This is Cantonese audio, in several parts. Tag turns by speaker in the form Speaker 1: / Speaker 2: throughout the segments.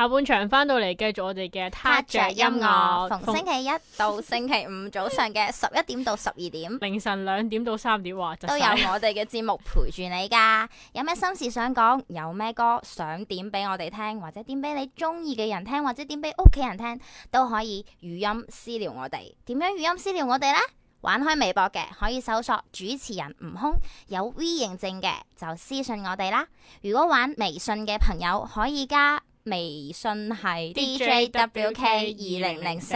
Speaker 1: 下半場翻到嚟，繼續我哋嘅 Touch 音樂，從星
Speaker 2: 期一到星期五早上嘅十一點到十二點， 凌晨兩點到三點，哇，都有我哋嘅節目陪住你噶、啊。 有咩心事想講，有咩歌想點俾我哋聽，或者點俾你中意嘅人聽，或者點俾屋企人聽，都可以語音私聊我哋。點樣語音私聊我哋呢？玩開微博嘅可以搜索主持人悟空，有 V 認證嘅就私信我哋啦。如果玩微信嘅朋友可以加。微信係 D J W K 二零零四，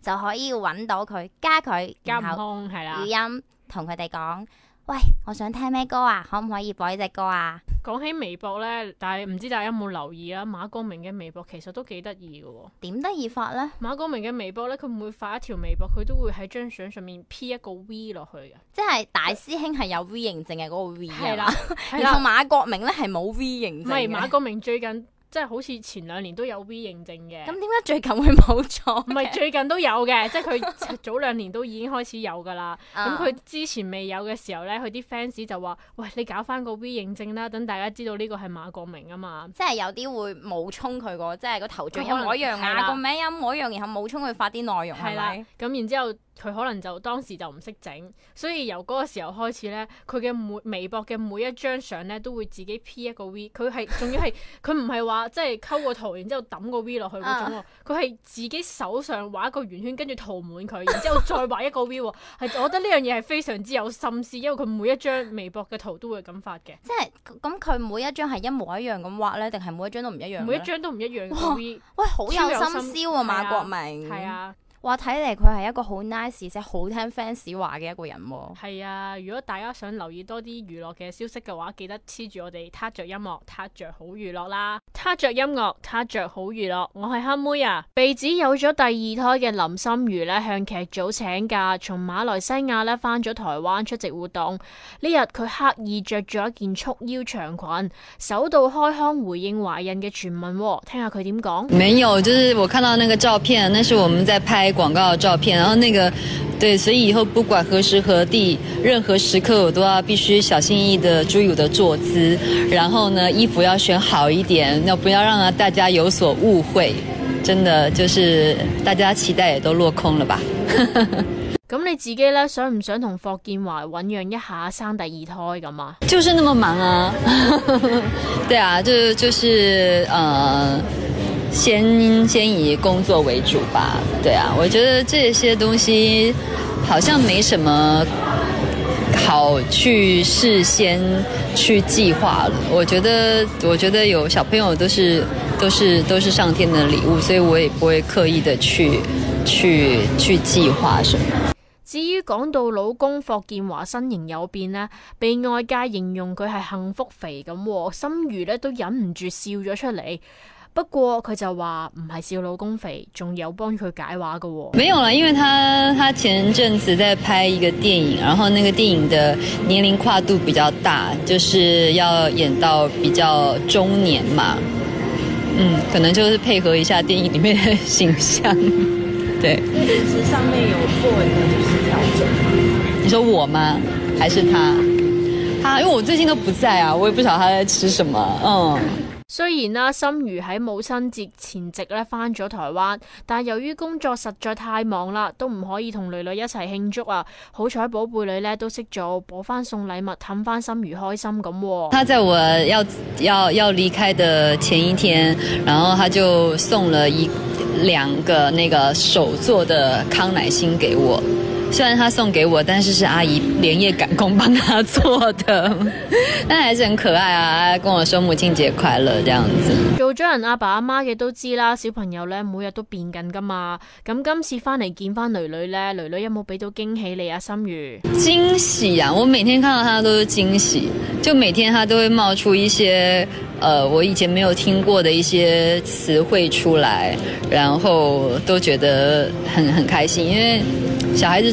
Speaker 2: 就可以揾到佢，加佢，然後語音同佢哋講，喂，我想聽咩歌啊？可唔可以播呢隻歌啊？講起微博咧，但係唔知大家有冇留意啊？馬國
Speaker 1: 明嘅微博其實都幾得意嘅，點得意法咧？馬國明嘅微博咧，佢唔會發一條微博，佢都會喺張相上面 P 一個 V 落去嘅，
Speaker 2: 即係大師兄係有 V 認證嘅嗰個 V 啦。然後馬國明咧係冇 V 認證的。唔係馬國明最近。即係好似前
Speaker 1: 兩年都有 V 認證嘅，咁點解最近會冇咗？唔係最近都有嘅， 即係佢早兩年都已經開始有㗎啦。咁佢、啊、之前未有嘅時候咧，佢啲 fans 就話：喂，你搞翻個 V 認證啦，等大家知道呢個係馬國明啊嘛。即係有啲會冒充佢個，即係個頭像又改樣啦，個名又改樣，然後冒充佢發啲內容係咪？咁然之後。佢可能就當時就唔識整，所以由嗰個時候開始咧，佢嘅每微博嘅每一張相咧都會自己 P 一個 V，佢係仲要係佢唔係話即係溝個圖，然之後抌個 V 落去嗰種喎，佢係、uh. 自己手上畫一個圓圈，圈，跟住塗滿佢，然之後再畫一個 V 喎， 係我覺得呢樣嘢係非常之有心思，因為佢每一張微博嘅圖
Speaker 2: 都會咁發嘅。即係咁，佢每一張係一模一樣咁畫咧，定係每一張都唔一樣？每一張
Speaker 1: 都唔一樣嘅 V，喂，好有心思喎，啊、馬國明。係啊。
Speaker 2: 哇，睇嚟佢係一個好 nice 且好聽 fans 話嘅一個人喎、哦。係啊，
Speaker 1: 如果大家想留意多啲娛樂嘅消息嘅話，記得黐住我哋，撻着音樂，撻着好娛樂啦。撻着音樂，撻着好娛樂。我係黑妹啊！被指有咗第二胎嘅林心如呢，向劇組請假，從馬來西亞呢返咗台灣出席活動。呢日佢刻意着咗一件束腰長裙，首度開腔回應懷孕嘅傳聞。聽下佢點講？沒
Speaker 3: 有，就是我看到那個照片，那是我們在拍。廣告照片，然後那個，對，所以以後不管何時何地，任何時刻，我都要必須小心翼翼的注意我的坐姿，然後呢，衣服要選好一點，要不要讓大家有所誤會？真的就是大家期待也都落空了吧？
Speaker 1: 咁 你自己咧，想唔想同霍建華醞釀一下生第二胎咁啊？
Speaker 3: 就是那麼忙啊？ 對啊，就就是嗯、呃先先以工作為主吧，對啊，我覺得這些東西好像沒什麼好去事先去計劃了。我覺得，我覺得有小朋友都是都是都是上天的禮物，所以我也不會刻意的去去去計劃什麼。
Speaker 1: 至於講到老公霍建華身形有變呢，被外界形容佢係幸福肥咁，我心如咧都忍唔住笑咗出嚟。不過佢就話唔係笑老公肥，仲有幫佢解話嘅哦。沒有啦，因為他
Speaker 3: 他前陣子在拍一個電影，然後那個電影的年齡跨度比較大，就是要演到比較中年嘛。嗯，可能就是配合一下電影裏面的形象。對，其實上面有做一個
Speaker 4: 就是調
Speaker 3: 整。你說我嗎？還是他？他，因為我最近都不在啊，我也不知他在吃什麼。嗯。
Speaker 1: 雖然啦，心如喺母親節前夕咧返咗台灣，但由於工作實在太忙啦，都唔可以同女女一齊慶祝啊！好彩寶貝女呢都識做，補翻送禮物，氹翻心如開心咁。她
Speaker 3: 在我要要要離開的前一天，然後她就送了一兩個那個手作的康乃馨給我。雖然他送給我，但是是阿姨連夜趕工幫他做的，但還是很可愛啊！跟我說母親節快樂這樣子。
Speaker 1: 做咗人阿爸阿媽嘅都知啦，小朋友咧每日都變緊噶嘛。咁今次翻嚟見翻囡囡咧，囡囡有冇俾到驚喜你啊？心如
Speaker 3: 驚喜啊！我每天看到他都是驚喜，就每天他都會冒出一些，呃，我以前沒有聽過的一些詞彙出來，然後都覺得很很開心，因為小孩子。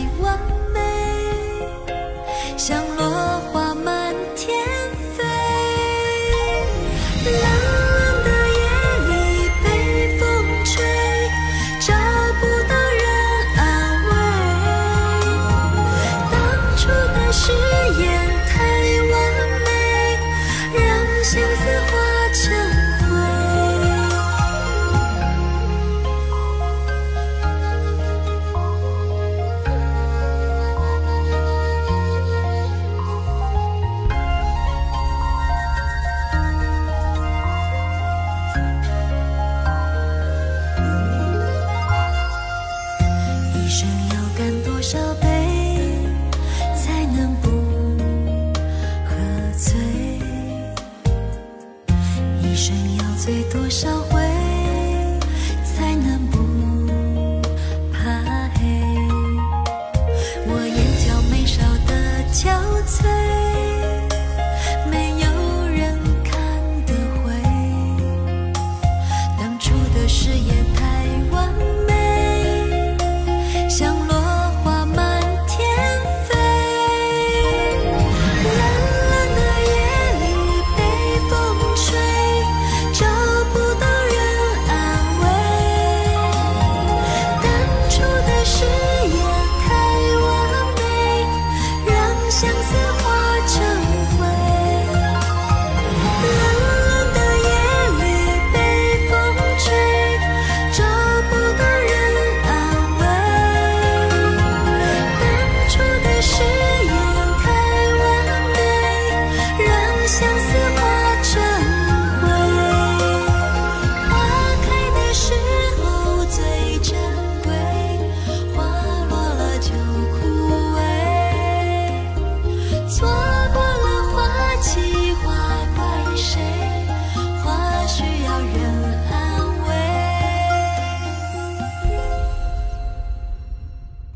Speaker 5: 一生要醉多少回？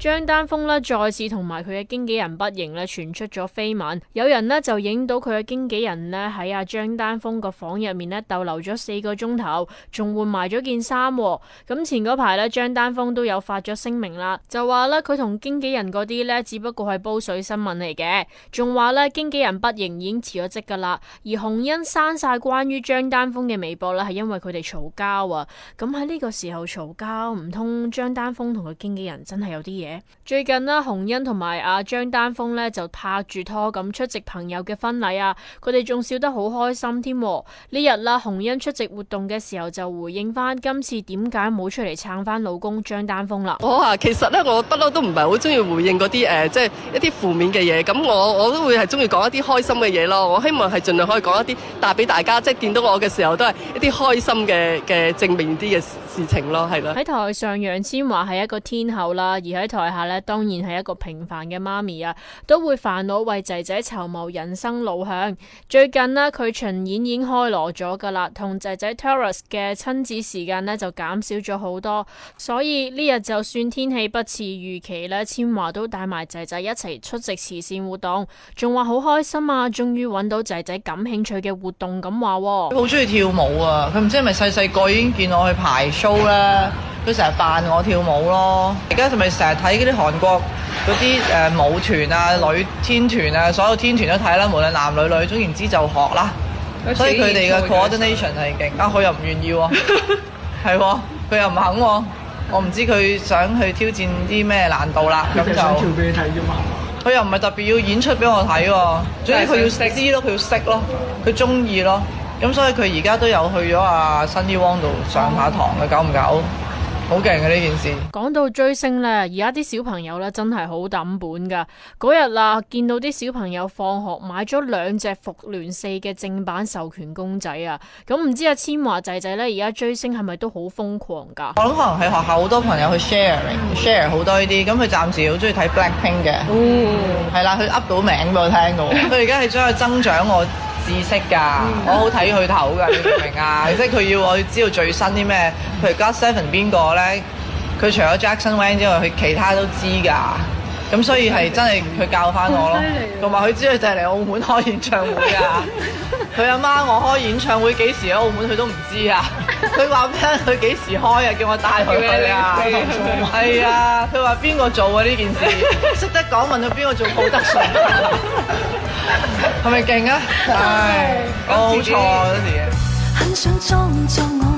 Speaker 1: 張丹峰咧再次同埋佢嘅經紀人畢瑩咧傳出咗緋聞，有人咧就影到佢嘅經紀人咧喺阿張丹峰個房入面咧逗留咗四個鐘頭，仲換埋咗件衫。咁前嗰排咧張丹峰都有發咗聲明啦，就話咧佢同經紀人嗰啲咧只不過係煲水新聞嚟嘅，仲話咧經紀人畢瑩已經辭咗職噶啦。而洪欣刪晒關於張丹峰嘅微博咧係因為佢哋嘈交啊。咁喺呢個時候嘈交，唔通張丹峰同佢經紀人真係有啲嘢？最近呢，洪欣同埋阿張丹峰呢就拍住拖咁出席朋友嘅婚禮啊，佢哋仲笑得好開心添。呢日啦，洪欣出席活動嘅時候就回應翻今次點解冇出嚟撐翻老公張丹峰啦。我
Speaker 4: 啊，其實呢，我不嬲都唔係好中意回應嗰啲誒，即係一啲負面嘅嘢。咁我我都會係中意講一啲開心嘅嘢咯。我希望係盡量可以講一啲帶俾大家，即係見到我嘅時候都係一啲開心嘅嘅正面啲嘅。事情喺
Speaker 1: 台上，楊千嬅係一個天后啦，而喺台下呢，當然係一個平凡嘅媽咪啊，都會煩惱為仔仔籌謀人生路向。最近呢，佢巡演已經開鑼咗噶啦，同仔仔 Taurus 嘅親子時間呢就減少咗好多。所以呢日就算天氣不似預期呢，千嬅都帶埋仔仔一齊出席慈善活動，仲話好開心啊！終於揾到仔仔感興趣嘅活動，咁話。佢
Speaker 4: 好中意跳舞啊！佢唔知係咪細細個已經見我去排。高咧，佢成日扮我跳舞咯。而家係咪成日睇嗰啲韓國嗰啲誒舞團啊、女天團啊，所有天團都睇啦，無論男女女，總言之就學啦。所以佢哋嘅 coordination 係勁，啊，佢又唔願意喎，係 喎， 佢又唔肯喎，我唔知佢想去挑戰啲咩難度啦。咁就跳俾你睇啫嘛，佢又唔係特別要演出俾我睇喎，總之佢要識啲咯，佢要識咯，佢中意咯。咁、嗯、所以佢而家都有去咗啊新 w o n 度上下堂嘅，九唔九？好勁嘅呢件事。
Speaker 1: 講到追星呢，而家啲小朋友呢，真係好抌本噶。嗰日啦，見到啲小朋友放學買咗兩隻復聯四嘅正版授權公仔啊。咁唔知阿、啊、千嬅仔仔呢，而家追星係咪都好瘋狂噶？我
Speaker 4: 諗可能係學校好多朋友去 sharing，share 好、嗯、sh 多呢啲。咁佢暫時好中意睇 Blackpink 嘅。哦、嗯，係啦，佢噏到名俾我聽噶。佢而家係想去增長我知識㗎，我好睇佢頭㗎，你明唔明啊？ 即係佢要我知道最新啲咩？譬如「GOT Seven 邊個咧？佢除咗 Jackson Wang 之外，佢其他都知㗎。咁所以係真係佢教翻我咯。同埋佢知佢就係嚟澳門開演唱會㗎。佢阿 媽，媽我開演唱會幾時喺澳門，佢都唔知啊。佢話咩？佢幾時開啊？叫我帶佢 去 啊。係啊，佢話邊個做啊？呢件事識得講問佢邊個做好德順。 係咪勁啊？
Speaker 5: 冇錯，真嘅。